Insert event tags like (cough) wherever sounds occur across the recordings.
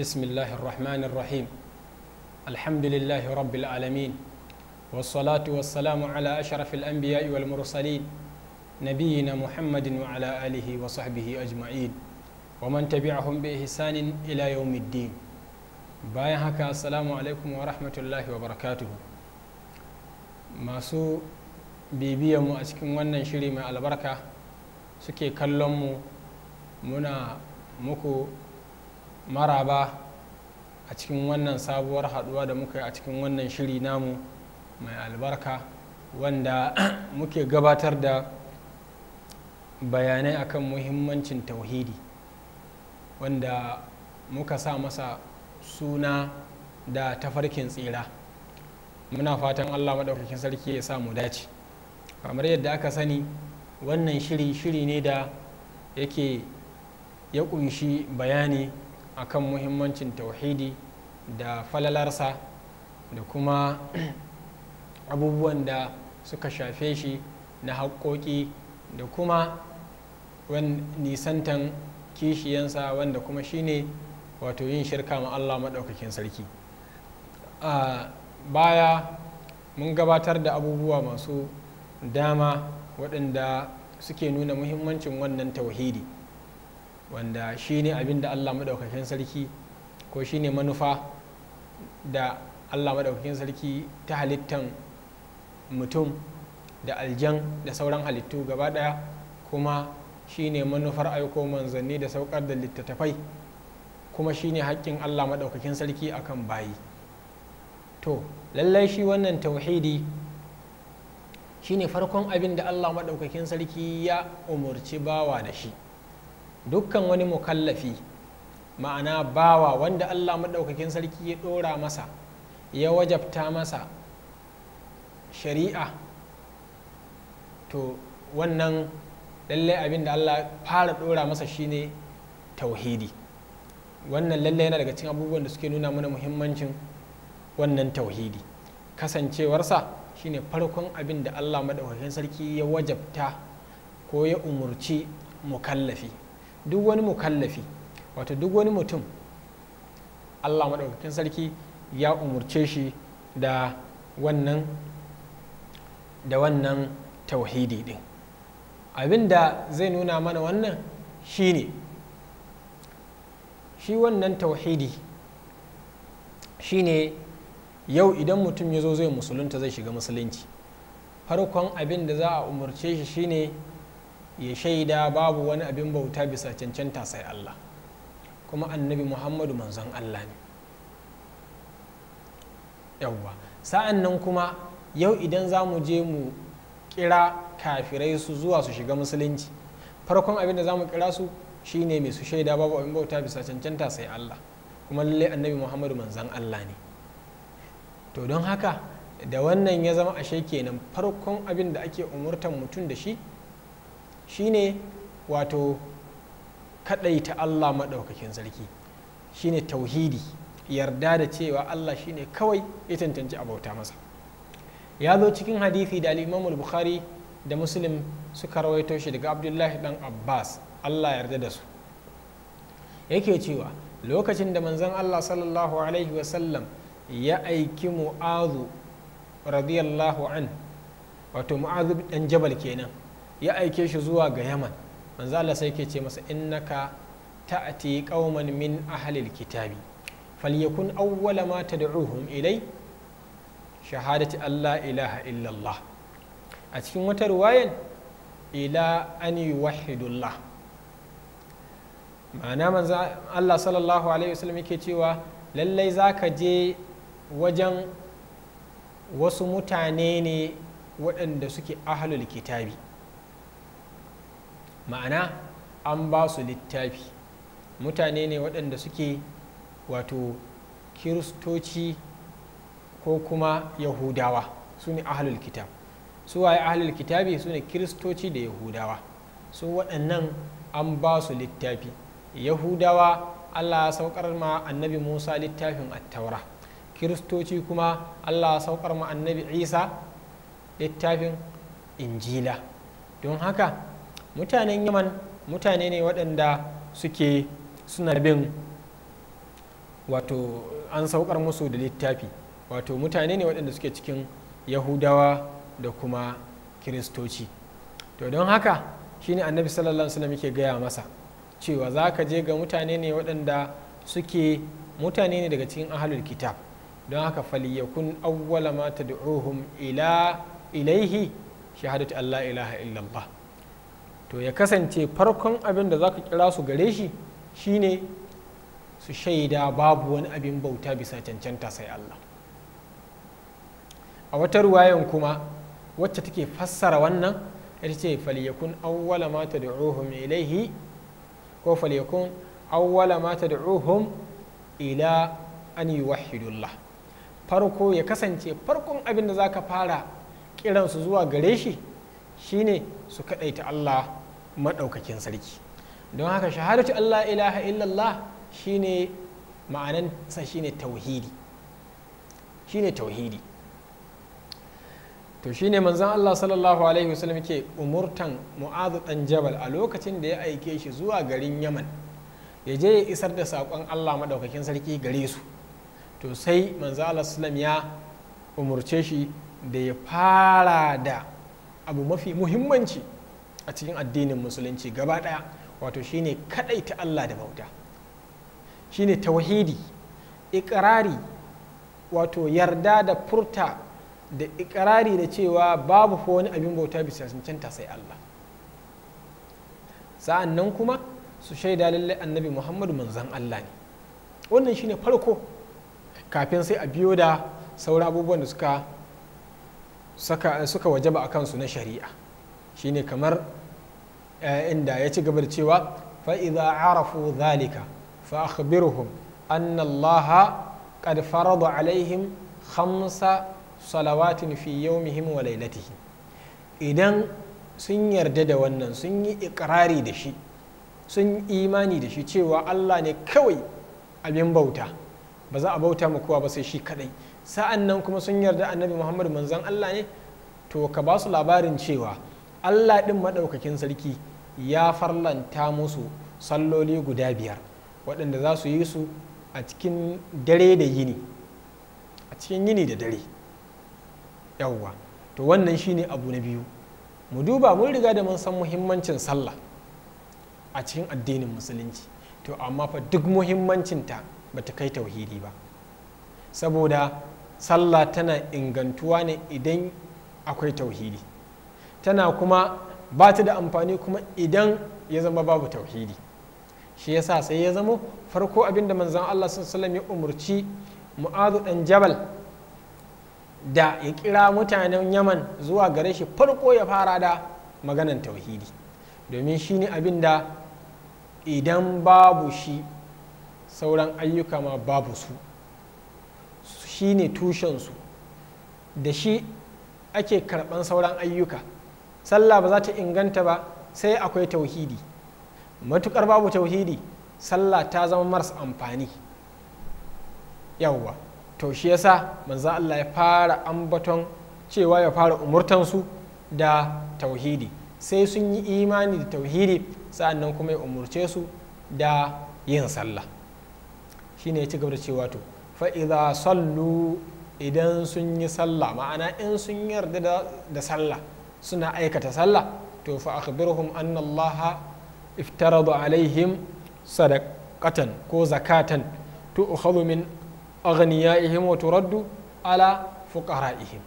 بسم الله الرحمن الرحيم الحمد لله رب العالمين والصلاة والسلام على أشرف الأنبياء والمرسلين نبينا محمد وعلى آله وصحبه أجمعين ومن تبعهم بإحسان إلى يوم الدين bayan haka assalamu alaikum wa rahmatullahi wa barakatuhu masu bibiyanmu a cikin wannan shiri mai albarka suke kallonmu muna muku maraba a cikin wannan sabuwar haduwa da muka yi a cikin wannan shiri namu mai albarka wanda (clears throat) muke gabatar da bayanai akan muhimmancin tauhidi wanda muka sa masa suna da tafarkin tsira muna fatan allah maɗaukakin sarki ya sa mu dace kamar yadda aka sani wannan shiri shiri ne da yake ya ƙunshi bayani akan muhimmancin tauhidi da falalarsa da kuma (clears throat) abubuwan da suka shafe shi na haƙoƙi da kuma nisantan kishiyansa wanda kuma shine wato yin shirka ma Allah maɗaukakin sarki a baya mun gabatar da abubuwa masu dama waɗanda suke nuna muhimmancin wannan tauhidi wanda shi ne abin da allah maɗaukakin sarki ko shi ne manufa da allah maɗaukakin sarki ta halittan mutum da aljan da sauran halittu gaba ɗaya kuma shi ne manufar aiko manzanni da saukar da littattafai kuma shi ne haƙƙin allah maɗaukakin sarki akan bayi to lallai shi wannan tauhidi shi ne farkon abin da allah maɗaukakin sarki ya umarci bawa da shi dukkan wani mukallafi ma'ana bawa wanda allah maɗaukakin sarki ya ɗora masa ya wajabta masa shari'a to wannan lallai abin da allah fara ɗora masa shine tauhidi wannan lallai yana daga cikin abubuwan da suke nuna mana muhimmancin wannan tauhidi kasancewarsa shine farkon abin da allah maɗaukakin sarki ya wajabta ko ya umurci mukallafi duk wani mukallafi wato duk wani mutum allah maɗaukakin sarki ya umurce shi da wannan da wannan tauhidi ɗin abin da zai nuna mana wannan shine shi wannan tauhidi shine yau idan mutum ya zo zai musulunta zai shiga musulunci farkon abin da za a umarce shi shine ya shaida babu wani abin bauta bisa cancanta sai Allah kuma annabi muhammadu manzon Allah ne yawwa sa'an nan kuma yau idan za mu je mu kira kafirai su zuwa su shiga musulunci farkon abin da za mu kira su shine mai su shaida babu abin bauta bisa cancanta sai Allah kuma lalle annabi muhammadu manzan Allah ne to don haka da wannan ya zama ashe kenan farkon abin da ake umurtan mutum da shi shine wato kaɗaita Allah maɗaukakin sarki shine tauhidi yarda da cewa Allah shine kawai ya tantance abauta masa ya zo cikin hadithi da al bukhari da muslim suka rawaito shi daga abdullahi dan abbas Allah yarda da su yake cewa lokacin da manzon Allah sallallahu alaihi wasallam ya aiki mu'azu radiyallahu an wato mu'azu dan jabal kenan ya aike shi zuwa ga yaman manzo Allah sai ke ce masa innaka ta'ati qauman min ahlil kitabi falyakun awwala ma tad'uhum ilai shahadati Allah ilaha illallah a cikin wata ruwayan ila an yuwahhidullah ma'ana manzo Allah sallallahu alaihi wasallam yake cewa lallai zaka je wajen wasu mutane ne waɗanda suke ahlul kitabi ma'ana an ba su littafi mutane ne waɗanda suke wato kiristoci ko kuma yahudawa su ne ahalul kitab su waye ahalul kitabi su ne kiristoci da yahudawa su waɗannan an ba su littafi yahudawa allah saukar ma annabi musa littafin attaura kiristoci kuma allah saukar ma annabi isa littafin injila don haka mutanen yaman mutane ne waɗanda suke suna bin wato an saukar musu da littafi wato mutane ne waɗanda suke cikin yahudawa da kuma kiristoci to don haka shine annabi sallallahu alaihi wasallam gaya masa cewa za ka je ga mutane ne waɗanda suke mutane ne daga cikin ahalul kitab don haka faliyakun awwala ma tad'uhum ila ilaihi shahadatu Allah ilaha illallah to ya kasance farkon abin da za ka kira su gare shi shine su shaida babu wani abin bauta bisa cancanta sai Allah a wata ruwayan kuma wacce take fassara wannan ita ce falyakun awwala ma tad'uhum ilaihi ko falyakun awwala ma tad'uhum ila an yuwahhidullah farko ya kasance farkon abin da zaka fara kiransu zuwa gare shi shine su kaɗaita Allah maɗaukakin sarki don haka shahadatu Allah ilaha illallah shine sa shine tauhidi shine tauhidi to shine manzon Allah sallallahu alaihi wasallam ke umurtan mu'azu dan jabal a lokacin da ya aike shi zuwa garin yaman ya je ya isar da saƙon Allah maɗaukakin sarki gare su to sai manzon Allah sallam ya umurce shi da ya fara da abu mafi muhimmanci a cikin addinin musulunci gaba ɗaya wato kaɗai ta Allah da bauta shine tauhidi ikirari wato yarda da furta da ikirari da cewa babu fa wani abin bauta bisa cancanta sai Allah sa'an nan kuma su shaida lallai annabi muhammadu manzan Allah ne wannan shine farko kafin sai a biyo da sauran abubuwan da suka suka wajaba a kansu na shari'a shine kamar inda ya ci gaba da cewa fa'iza arafu zalika fa akhbiruhum annallaha allaha qad farada alaihim khamsa salawatin fi yawmihim wa lailatihim idan sun yarda da wannan sun yi ikirari da shi sun imani da shi cewa Allah ne kawai abin bauta ba za a bauta mu kowa ba sai shi kadai sa'an nan kuma sun yarda annabi Muhammad manzon Allah ne to ka ba su labarin cewa Allah ɗin maɗaukakin sarki ya farlanta musu salloli guda biyar waɗanda za su yi su a cikin dare da yini a cikin yini da dare yawwa to wannan shine abu na biyu mu duba mun riga da mun san muhimmancin sallah a cikin addinin musulunci to amma fa duk muhimmancinta ba ta kai tauhidi ba saboda sallah tana ingantuwa ne idan akwai tauhidi tana kuma ba ta da amfani kuma idan ya zama babu tauhidi shi yasa sai ya zama farko abin da manzon Allah sallallahu ya umurci mu'azu dan jabal da ya kira mutanen yaman zuwa gare shi farko ya fara da maganan tauhidi domin shi ne abin da idan babu shi sauran ayyuka ma babu su shi ne tushensu da shi ake karɓan sauran ayyuka sallah ba za ta inganta ba sai akwai tauhidi matukar babu tauhidi sallah ta zama maras amfani yawwa to shi yasa manzo Allah ya fara ambaton cewa ya fara su da tauhidi sai sun yi imani da tauhidi sa'annan kuma ya umurce su da yin sallah shine ya ci gaba da cewa to fa idza sallu idan sun yi sallah ma'ana in sun yarda da sallah suna aikata sallah to fa akhbirhum anna Allah iftarada alaihim sadaqatan ko zakatan to ukhadhu min aghniyaihim wa turaddu ala fuqaraihim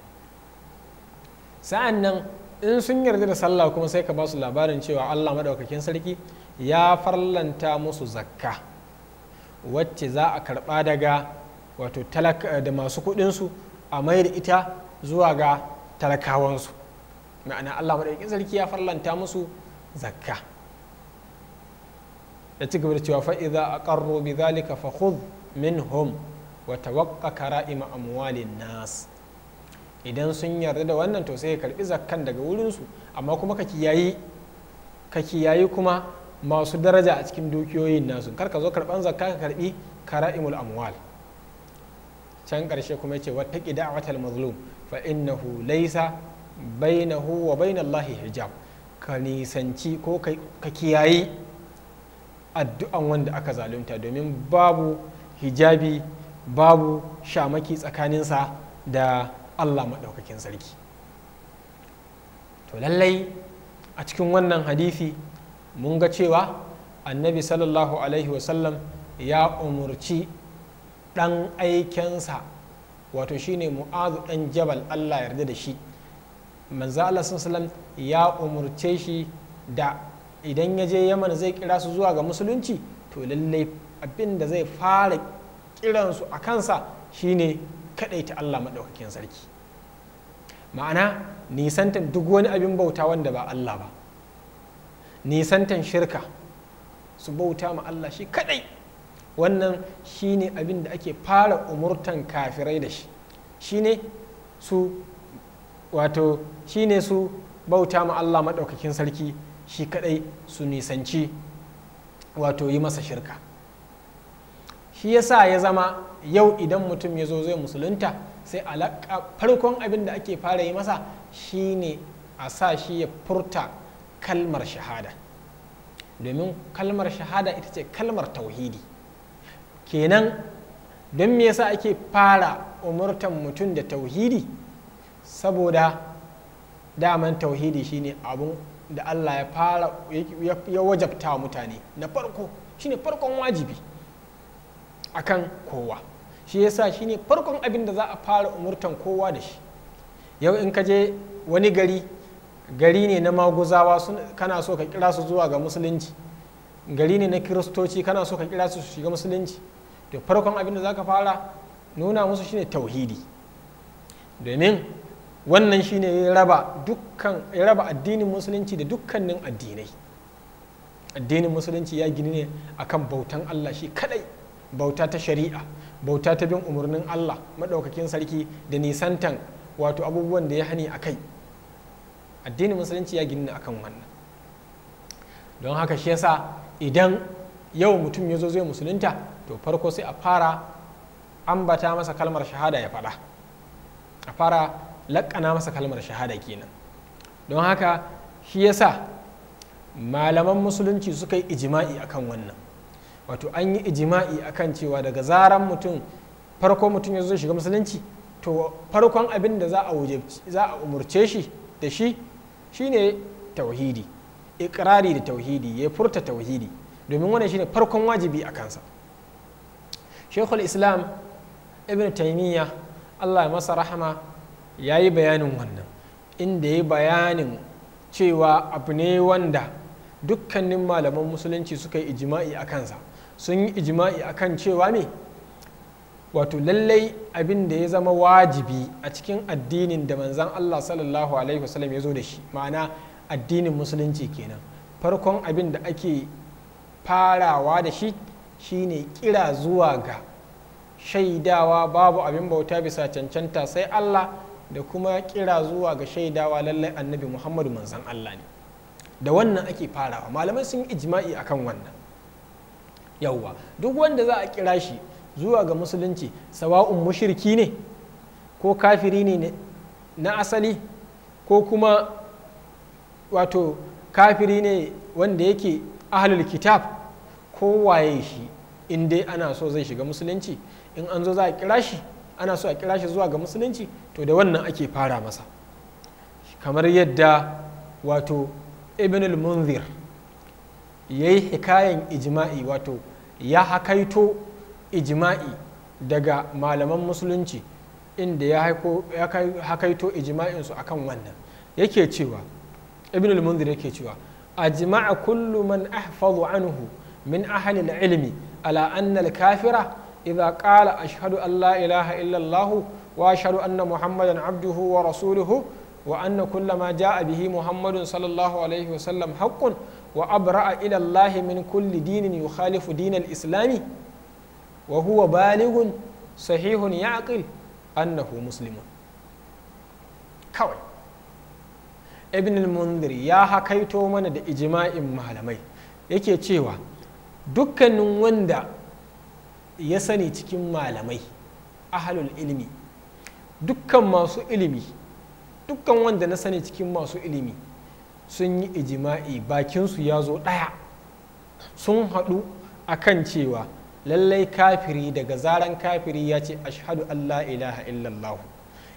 sa'annan in sun yarda da sallah kuma sai ka ba su labarin cewa Allah madaukakin sarki ya farlanta musu zakka wacce za a karba daga wato da masu kudinsu a mai da ita zuwa ga talakawansu ma'ana Allah maɗakin sarki ya farlanta musu zakka da ci gaba da cewa fa'iza a ƙarro bi zalika fa khudh minhum wa tawaqqa kara'ima amwalin nas idan sun yarda da wannan to sai ka karbi zakkan daga su amma kuma ka kiyayi kuma masu daraja a cikin dukiyoyin nasu kar ka zo karban zakka ka karbi kara'imul amwal can karshe kuma yace a da'watal mazlum fa innahu laysa bainahu wa bainallahi hijab ka nisanci ko ka kiyayi addu'an wanda aka zalunta domin babu hijabi babu shamaki tsakaninsa da allah maɗaukakin sarki to lallai a cikin wannan hadithi mun ga cewa annabi sallallahu alaihi wasallam ya umurci ɗan aikensa wato shine mu'azu ɗan jabal allah yarda da shi manzo Allah sallallahu ya umarce shi da idan ya je Yaman zai kira su zuwa ga musulunci to lallai abin da zai fara kiransu a kansa shine kadaita Allah maɗaukakin sarki ma'ana nisantan duk wani abin bauta wanda ba Allah ba nisantan shirka su bauta ma Allah shi kadai wannan shine abin da ake fara umurtan kafirai da shi shine su wato shi ne su bauta ma Allah maɗaukakin sarki shi kaɗai su nisanci wato yi masa shirka shi yasa ya zama yau idan mutum ya zo zai musulunta sai alaƙa farkon abin da ake fara yi masa shi ne a sa shi ya furta kalmar shahada domin kalmar shahada ita ce kalmar tauhidi kenan don me yasa ake fara umurtan mutum da tauhidi saboda daman tauhidi shine abun da Allah ya fara ya wajabta mutane na farko shine farkon wajibi akan kowa shi yasa shine farkon abin da za a fara umurtan kowa da shi yau in ka je wani gari gari ne na maguzawa kana so ka kira su zuwa ga musulunci gari ne na kiristoci kana so ka kira su shiga musulunci to farkon abin da za ka fara nuna musu shine tauhidi domin wannan shine ya raba dukkan ya raba addinin musulunci da dukkanin addinai addinin musulunci ya gini ne akan bautan Allah shi kadai bauta ta shari'a bauta ta bin umarnin Allah madaukakin sarki da nisantan wato abubuwan da ya hani a kai addinin musulunci ya gini ne akan wannan don haka shi yasa idan yau mutum ya zo zai musulunta to farko sai a fara ambata masa kalmar shahada ya faɗa a fara laƙana masa kalmar shahada kenan don haka shi yasa malaman musulunci suka yi ijima'i akan wannan wato an yi ijima'i akan cewa daga zaran mutum farko mutum ya zo shiga musulunci to farkon abin da za a umurce shi da shi shine tauhidi ikirari da tauhidi ya furta tauhidi domin wannan shine farkon wajibi a kansa shekul islam ibn taimiyya allah masa rahama ya yi bayanin wannan inda ya yi bayanin cewa abu ne wanda dukkanin malaman musulunci suka yi ijima'i a kansa sun yi ijima'i a kan cewa ne wato lallai abin da ya zama wajibi a cikin addinin da manzan allah sallallahu alaihi wasallam ya zo da shi ma'ana addinin musulunci kenan farkon abin da ake farawa da shi shine kira zuwa ga shaidawa babu abin bauta bisa cancanta sai allah da kuma kira zuwa ga shaidawa lallai annabi muhammadu manzan allah ne da wannan ake farawa malamai sun ijma'i akan wannan Yauwa duk wanda za a kira shi zuwa ga musulunci sawa'un mushirki ne ko kafiri ne na asali ko kuma wato kafiri ne wanda yake ahlul kitab ko waye shi in dai ana so zai shiga musulunci in an zo za a kira shi ana so a kira shi zuwa ga musulunci to da wannan ake fara masa kamar yadda wato ibn al-munzir ya yi hikayen ijma'i wato ya hakaito ijma'i daga malaman musulunci inda ya hakaito a kan wannan yake cewa ibn al-munzir yake cewa ajma'a kullu man ahfazu anhu min ahli al-ilmi ala anna kafira Iza qala ashadu an ilaha illallah wa ashhadu anna muhammadan abduhu wa rasuluhu wa anna kullama muhammadun sallallahu alaihi wa sallam haqqun abra'a ila allahi min kulli dinin yukhalifu din al-islami wa baligun sahihun yaqil annahu muslimun kawai ibn al-mundir ya hakaito mana da ijima'in malamai yake cewa dukkanin wanda ya sani cikin malamai ahalul ilimi dukkan masu ilimi dukkan wanda na sani cikin masu ilimi sun yi ijima'i bakinsu ya zo ɗaya sun haɗu a kan cewa lallai kafiri daga zaran kafiri ya ce ashadu allah ilaha illallah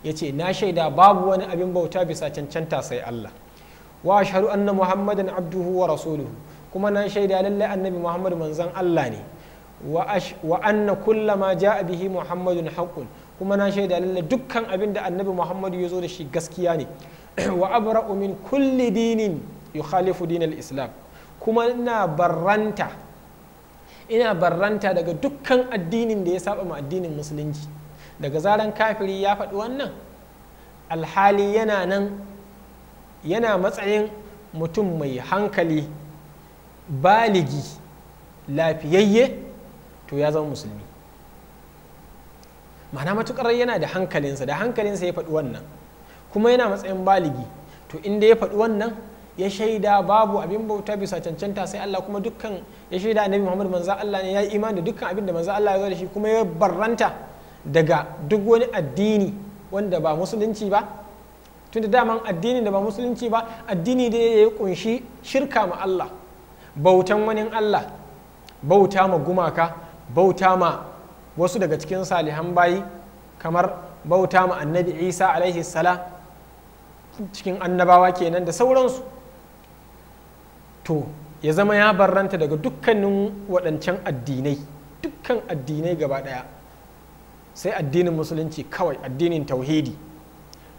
ya ce na shaida babu wani abin bauta bisa cancanta sai allah wa ashadu anna muhammadan abduhu wa rasuluhu kuma na shaida lallai annabi muhammad manzan allah ne wa anna kulla ma ja'a bihi muhammadun haqqun kuma na shaida lalle dukkan abin da annabi muhammadu ya zo da shi gaskiya ne (clears throat) wa abra'u min kulli dinin yukhalifu dinal islam kuma ina barranta ina barranta daga dukkan addinin da ya saba ma addinin musulunci daga zaran kafiri ya faɗi wannan alhali yana nan yana matsayin mutum mai hankali baligi lafiyayye to ya zama musulmi ma'ana matukar yana da hankalinsa da hankalinsa ya faɗi wannan kuma yana matsayin baligi to inda ya faɗi wannan ya shaida babu abin bauta bisa cancanta sai Allah kuma dukkan ya shaida annabi Muhammad manzo Allah ne ya yi imani da dukkan abin da manzo Allah ya zo da shi kuma ya barranta daga duk wani addini wanda ba musulunci ba tunda daman addini da ba musulunci ba addini da ya kunshi shirka ma Allah bautan wani Allah bauta ma gumaka bauta ma wasu daga cikin salihan bayi kamar bauta ma annabi isa alaihi sala cikin annabawa kenan da sauransu to ya zama ya barranta daga dukkanin waɗancan addinai dukkan addinai gaba ɗaya sai addinin musulunci kawai addinin tauhidi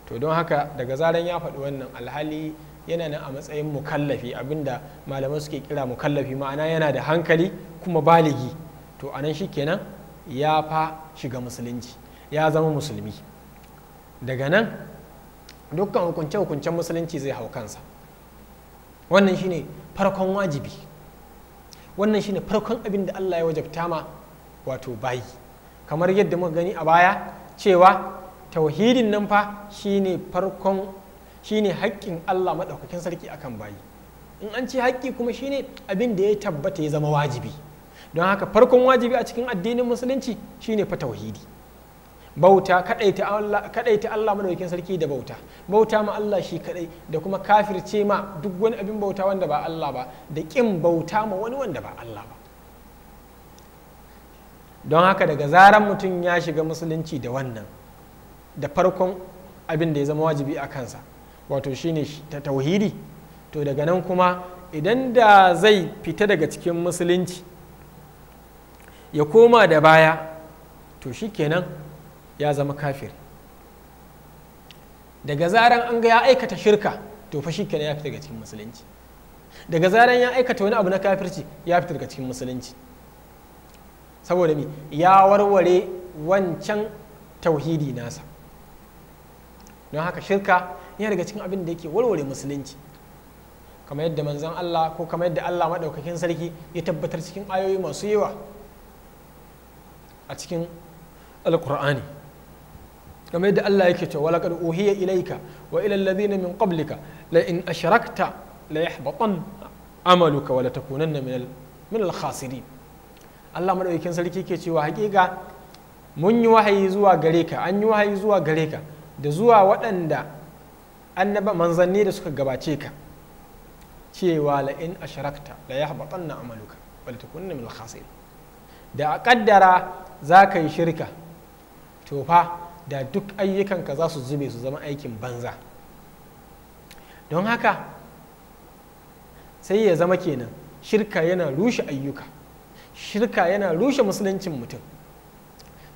to don haka daga zaran ya faɗi wannan alhali yana nan a matsayin mukallafi abinda malaman suke kira mukallafi ma'ana yana da hankali kuma baligi to anan shi kenan ya fa shiga musulunci ya zama musulmi daga nan dukkan hukunce-hukuncen musulunci zai hau kansa wannan shi ne farkon wajibi wannan shi ne farkon abin da allah ya wajabta ma wato bayi kamar yadda muka gani a baya cewa tauhidin nan fa shine farkon shine haƙƙin allah maɗaukakin sarki akan bayi in an ce haƙƙi kuma shine abin da ya tabbata ya zama wajibi don haka farkon wajibi a cikin addinin musulunci shine fa tauhidi bauta kadaita Allah kadaita Allah madaukakin sarki da bauta bauta ma Allah shi kadai da kuma kafirce ma duk wani abin bauta wanda ba Allah ba da kin bauta ma wani wanda ba Allah ba don haka daga zaran mutum ya shiga musulunci da wannan da farkon abin da ya zama wajibi a kansa wato shine ta tauhidi to daga nan kuma idan da zai fita daga cikin musulunci ya koma da baya to shikenan ya zama kafir daga zaran an ga ya aikata shirka to fa shikenan ya fita daga cikin musulunci daga zaran ya aikata wani abu na kafirci ya fita daga cikin musulunci saboda mi ya warware wancan tauhidi nasa don haka shirka yana daga cikin abin da yake warware musulunci kamar yadda manzon Allah ko kamar yadda Allah maɗaukakin sarki ya tabbatar cikin ayoyi masu yawa a cikin alkur'ani kamar yadda Allah yake cewa laqad uhiya ilayka wa ila alladhina min qablika la in ashrakta la yahbatan amaluka wa la takunanna min al min al khasirin Allah madaukakin sarki yake cewa hakika mun yi wahayi zuwa gare ka an yi wahayi zuwa gare ka da zuwa waɗanda annaba manzanni da suka gabace ka cewa la in ashrakta la yahbatanna amaluka wa la takunanna min al khasirin da a kaddara za ka yi shirka to fa da duk ayyukanka za su zube su zama aikin banza don haka sai ya zama kenan shirka yana rushe ayyuka shirka yana rushe musuluncin mutum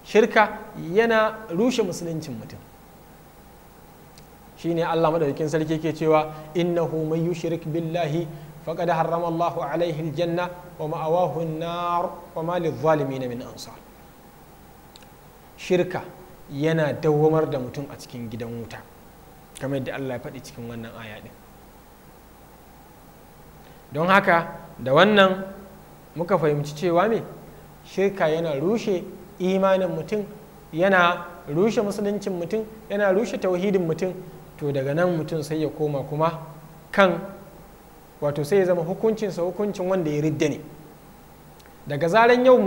shirka yana rushe musuluncin mutum shi ne Allah madaukin sarki ke cewa innahu man yushrik billahi faqad harrama Allahu alaihi aljanna wa ma'awahu nar wa ma lidh na min ansar shirka yana dawamar da mutum a cikin gidan wuta kamar yadda Allah ya faɗi cikin wannan aya ɗin don haka da wannan muka fahimci cewa me shirka yana rushe imanin mutum yana rushe musuluncin mutum yana rushe tauhidin mutum to daga nan mutum sai ya koma kuma kan wato sai ya zama hukuncinsa hukuncin wanda ya ridda ne daga zaren yau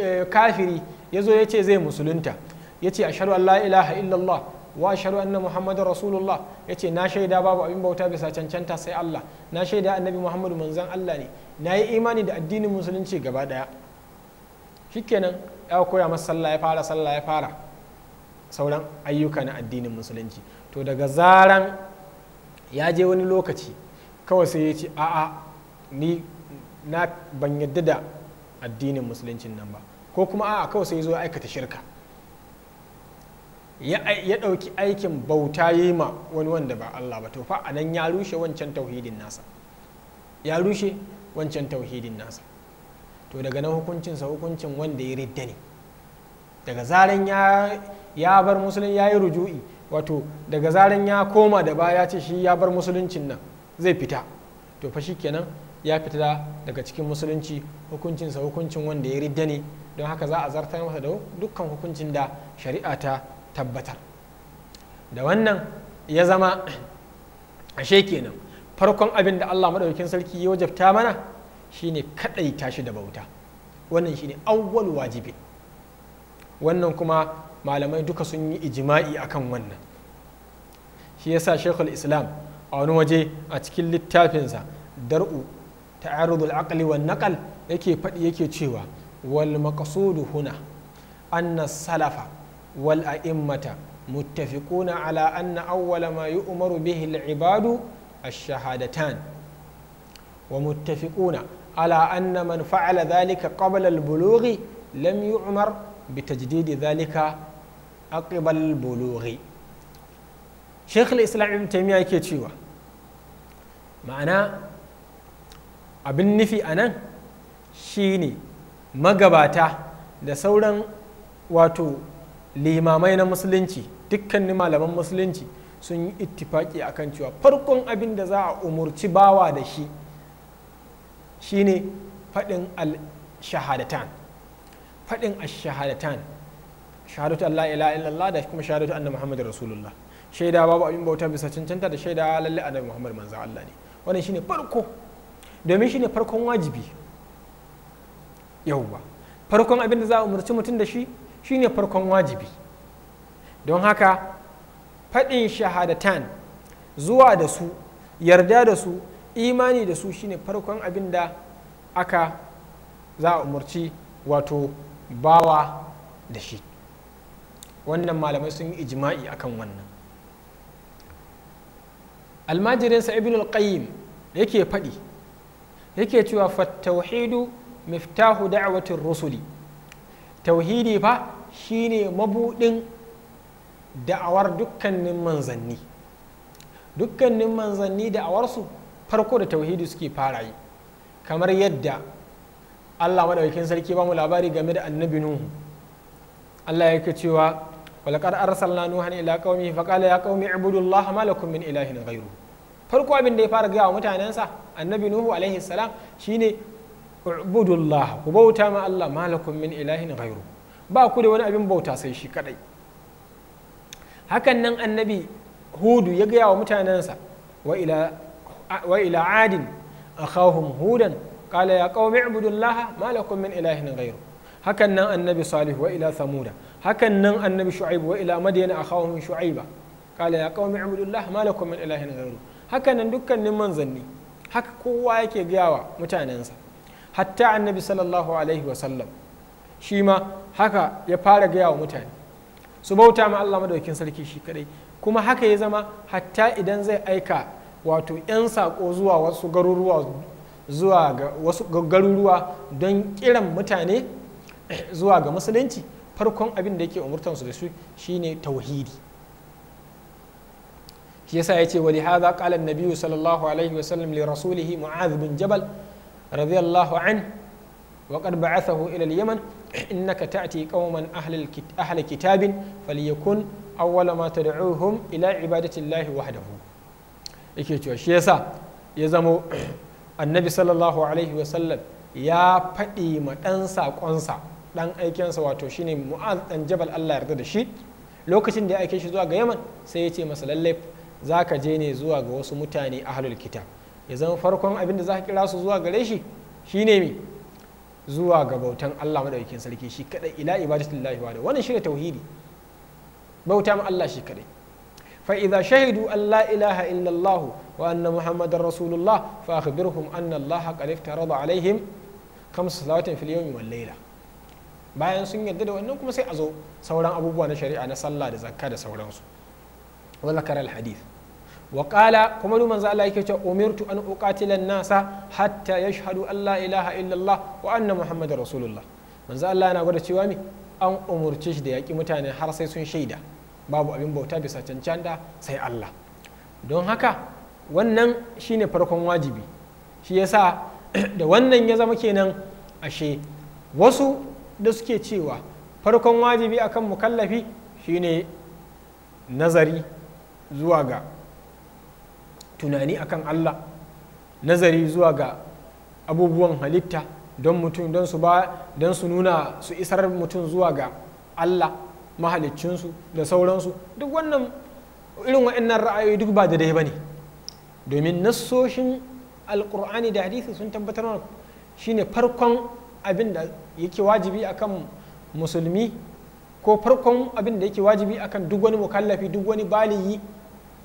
eh, kafiri ya zo ya ce zai musulunta ya ce ashadu an la ilaha illallah wa ashadu anna muhammadu rasulullah ya ce na shaida babu abin bauta bisa cancanta sai allah na shaida annabi muhammadu manzan allah ne na yi imani da addinin musulunci gaba daya shikenan ya koya masa sallah ya fara sallah ya fara sauran ayyuka na addinin musulunci to daga zaran ya je wani lokaci kawai sai ya ce a'a ni na ban yadda da addinin musuluncin nan ba ko kuma a'a kawai sai zo ya aikata shirka ya ɗauki aikin bauta yi ma wani wanda ba Allah ba to fa a nan ya rushe wancan tauhidin nasa ya rushe wancan tauhidin nasa to daga nan hukuncinsa hukuncin wanda ya ridda ne daga zaren ya bar musulun ya yi ruju'i wato daga zaren ya koma da baya ce shi ya bar musuluncin nan zai fita to fa kenan ya fita daga cikin musulunci hukuncinsa hukuncin wanda ya ridda ne don haka za a zartar masa da dukkan hukuncin da shari'a ta tabbatar da wannan ya zama ashe kenan farkon abin da Allah maɗaukin sarki ya wajabta mana shine kaɗai tashi da bauta wannan shine awwal wajibi wannan kuma malamai duka sun yi ijima'i akan wannan shi yasa shekul islam a wani waje a cikin littafinsa dar'u ta'arudul aqli wan naqal yake faɗi yake cewa wal maqsudu huna anna salafa wal a'immata muttafiquna ala anna awwala ma yu'maru bihi al ibadu ash-shahadatan wa muttafiquna ala anna man fa'ala dhalika qabla al bulughi lam yu'mar bi tajdidi dhalika aqibal al bulughi shaykh al islam ibn yake cewa ma'ana abin nufi anan shine magabata da sauran wato limamai na musulunci dukkanin malaman musulunci sun yi ittifaki kan cewa farkon abin da za a umurci bawa da shi shine faɗin al-shahadatan faɗin al-shahadatan shahadatu Allah ila illallah da kuma shahadatu annabi Muhammad rasulullah shaida babu abin bauta bisa cancanta da shaida lalle annabi Muhammad manzo Allah ne wannan shine farko domin shine farkon wajibi yauwa farkon abin da za a umarci mutum da shi shine farkon wajibi don haka faɗin shahadatan zuwa da su yarda da su imani da su shine farkon abin da aka za a umarci wato bawa da shi wannan malamai sun yi ijima'i akan wannan almajirinsa ibn al-qayyim yake faɗi yake cewa fattauhidu miftahu da'awatin rusuli tauhidi fa shine mabudin da'awar dukkanin manzanni dukkanin manzanni da'awarsu farko da tauhidi suke fara yi kamar yadda allah maɗaukin sarki ba mu labari game da annabi nuhu allah yake cewa walakar arsalna nuhan ila qaumi fa qala ya qaumi ibudullaha ma lakum min ilahin ghairu farko abin da ya fara gaya wa mutanensa annabi nuhu alaihi salam shine ubudullah ku bauta ma Allah malakum min ilahin ghairu ba ku da wani abin bauta sai shi kadai hakan nan annabi hudu ya gaya wa mutanensa wa ila adin akhahum hudan qala ya qaumi ibudullaha malakum min ilahin ghairu hakan nan annabi salih wa ila samuda hakan nan annabi shu'aib wa ila madyana akhahum shu'aiba qala ya qaumi ibudullaha malakum min ilahin ghairu hakan nan dukkanin manzanni haka kowa yake gaya wa mutanensa hatta annabi sallallahu alaihi wasallam shi ma haka ya fara gaya wa mutane su bauta ma Allah madaukin sarki shi kadai kuma haka ya zama hatta idan zai aika wato 'yan sako zuwa wasu garuruwa zuwa ga wasu garuruwa don kiran mutane zuwa ga musulunci farkon abin da yake su da su shine tauhidi shi yasa ya ce wa lihadha qala an-nabiyyu sallallahu alaihi wa sallam li rasulihi mu'adh bin jabal radiyallahu an waƙar qad ba'athahu ila al-yaman innaka ta'ti qauman ahli ahli kitabin falyakun awwala ma tad'uhum ila ibadati llahi wahdahu yake cewa shi yasa ya zamo (clears throat) annabi sallallahu alaihi wa sallam ya faɗi ma ɗan saƙonsa ɗan aikinsa wato shine mu'az ɗan jabal Allah yarda da shi lokacin da ya shi zuwa ga yaman sai ya ce masa lallai za ka je ne zuwa ga wasu mutane ahlul kitab ya zama farkon abin da za ka kira su zuwa gare shi shine mi zuwa ga bautan Allah madaukakin sarki shi kadai ila ibadatullahi wa wannan ne tauhidi bauta ma Allah shi kadai fa idza shahidu an la ilaha illa Allah wa anna muhammadar rasulullah fa akhbirhum anna Allah qad iftarada alaihim khams salawatin fil yawmi wal layla bayan sun yarda da wannan kuma sai a zo sauran abubuwa na shari'a na sallah da zakka da sauransu wala karal hadith وقال كما من زال الله أمرت أن أقاتل الناس حتى يشهدوا أن لا Allah إلا الله وأن محمد رسول الله من زال الله أنا an umarci shi da دي mutane متاني sai sun shaida babu abin bauta bisa cancanta sai Allah don haka wannan shine farkon wajibi shi yasa (clears throat) da wannan ya zama kenan ashe wasu da suke cewa farkon wajibi akan mukallafi shine nazari zuwa ga tunani akan Allah nazari zuwa ga abubuwan halitta don mutum don su ba don su nuna su isar mutum zuwa ga Allah mahaliccinsu da sauransu duk wannan irin waɗannan ra'ayoyi duk ba da dai ba ne domin nassoshin alkur'ani da hadisi sun tabbatar shi shine farkon abin da yake wajibi akan musulmi ko farkon abin da yake wajibi akan duk wani mukallafi duk wani baliyi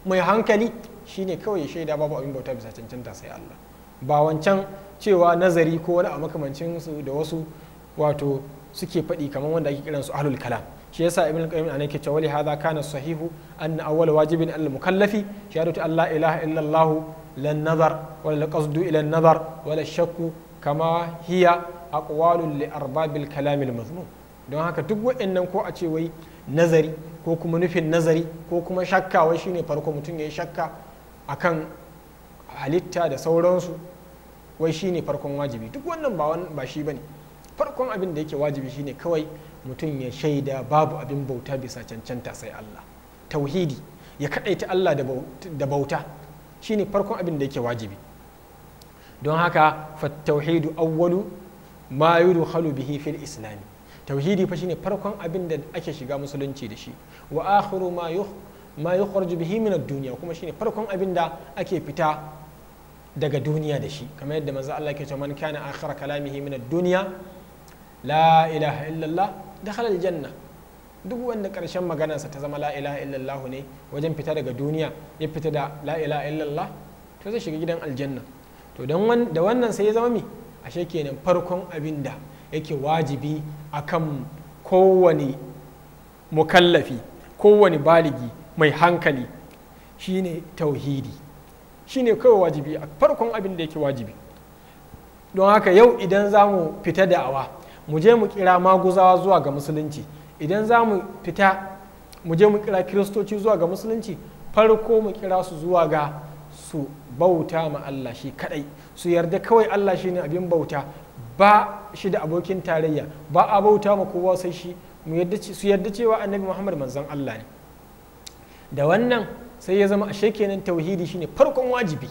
mai hankali Shi ne kawai shaida babu abin bauta bisa cancanta sai Allah ba wancan cewa nazari ko wani a makamancin su da wasu wato suke faɗi kamar wanda ake kiransu ahlul kalam shi yasa ibn qayyim anan ke cewa hadha kana sahihu an awwal wajibin al mukallafi shahadatu an ilaha illa allah lan nazar wala qasdu ila nazar wala shakku kama hiya aqwalun li arbabil kalam al mazmum don haka duk wa'annan ko a ce wai nazari ko kuma nufin nazari ko kuma shakka wai shine farko mutum ya yi shakka akan halitta da sauransu wai shine farkon wajibi duk wannan ba ba shi bane farkon abin da yake wajibi shine kawai mutum ya shaida babu abin bauta bisa cancanta sai Allah tauhidi ya ta Allah da bauta shine farkon abin da yake wajibi don haka fattauhidu awwalu ma yudkhalu bihi fil islami tauhidi fa shine farkon abin da ake shiga musulunci da shi wa akhiru ma ma yukhraju bihi duniya kuma shine farkon abin da ake fita daga duniya da shi kamar yadda maza Allah ke cewa man kana akhir kalamihi min duniya la ilaha illallah da halal janna duk wanda karshen maganarsa ta zama la ilaha illallah ne wajen fita daga duniya ya fita da la ilaha illallah to zai shiga gidan aljanna to da wannan sai ya zama mi ashe kenan farkon abin da yake wajibi akan kowane mukallafi kowane baligi mai hankali shine tauhidi shine kawai wajibi a farkon abin da yake wajibi don haka yau idan za mu fita da'awa mu je mu kira maguzawa zuwa ga musulunci idan za mu fita mu je mu kira kiristoci zuwa ga musulunci farko mu kira su zuwa ga su bauta ma Allah shi kadai su yarda kawai Allah shine abin bauta ba shi da abokin tarayya ba a bauta ma kowa sai shi su yarda cewa annabi Muhammad manzon Allah ne da wannan sai ya zama ashe kenan tauhidi shine farkon wajibi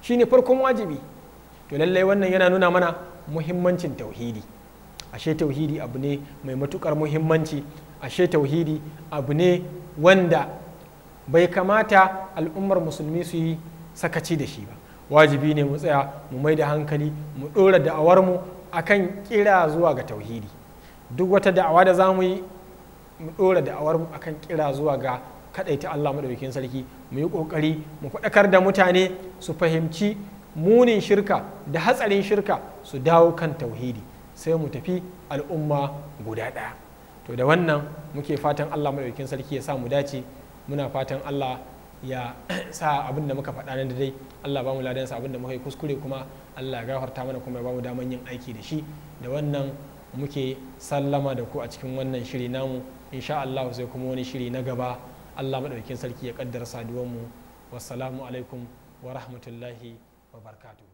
shine farkon wajibi to lallai wannan yana nuna mana muhimmancin tauhidi ashe tauhidi abu ne mai matukar muhimmanci ashe tauhidi abu ne wanda bai kamata al'ummar musulmi su yi sakaci da shi ba wajibi ne mu tsaya mu mai da hankali mu ɗora da'awarmu akan kira zuwa ga tauhidi duk wata da'awa da za yi mu ɗora da'awar mu akan kira zuwa ga ta Allah maɗaukakin sarki mu yi ƙoƙari mu faɗakar da mutane su fahimci munin shirka da hatsarin shirka su dawo kan tauhidi sai mu tafi al'umma guda ɗaya to da wannan muke fatan Allah maɗaukakin sarki ya sa mu dace muna fatan Allah ya (clears throat) sa abin da muka faɗa nan da dai Allah ba mu ladansa abin da muka yi kuskure kuma Allah ya gafarta mana kuma ya ba mu daman yin aiki da shi da wannan muke sallama da ku a cikin wannan shiri namu insha Allah sai kuma wani shiri na gaba Allah madaukakin sarki ya kaddara saduwar mu wassalamu alaikum wa rahmatullahi wa barakatuh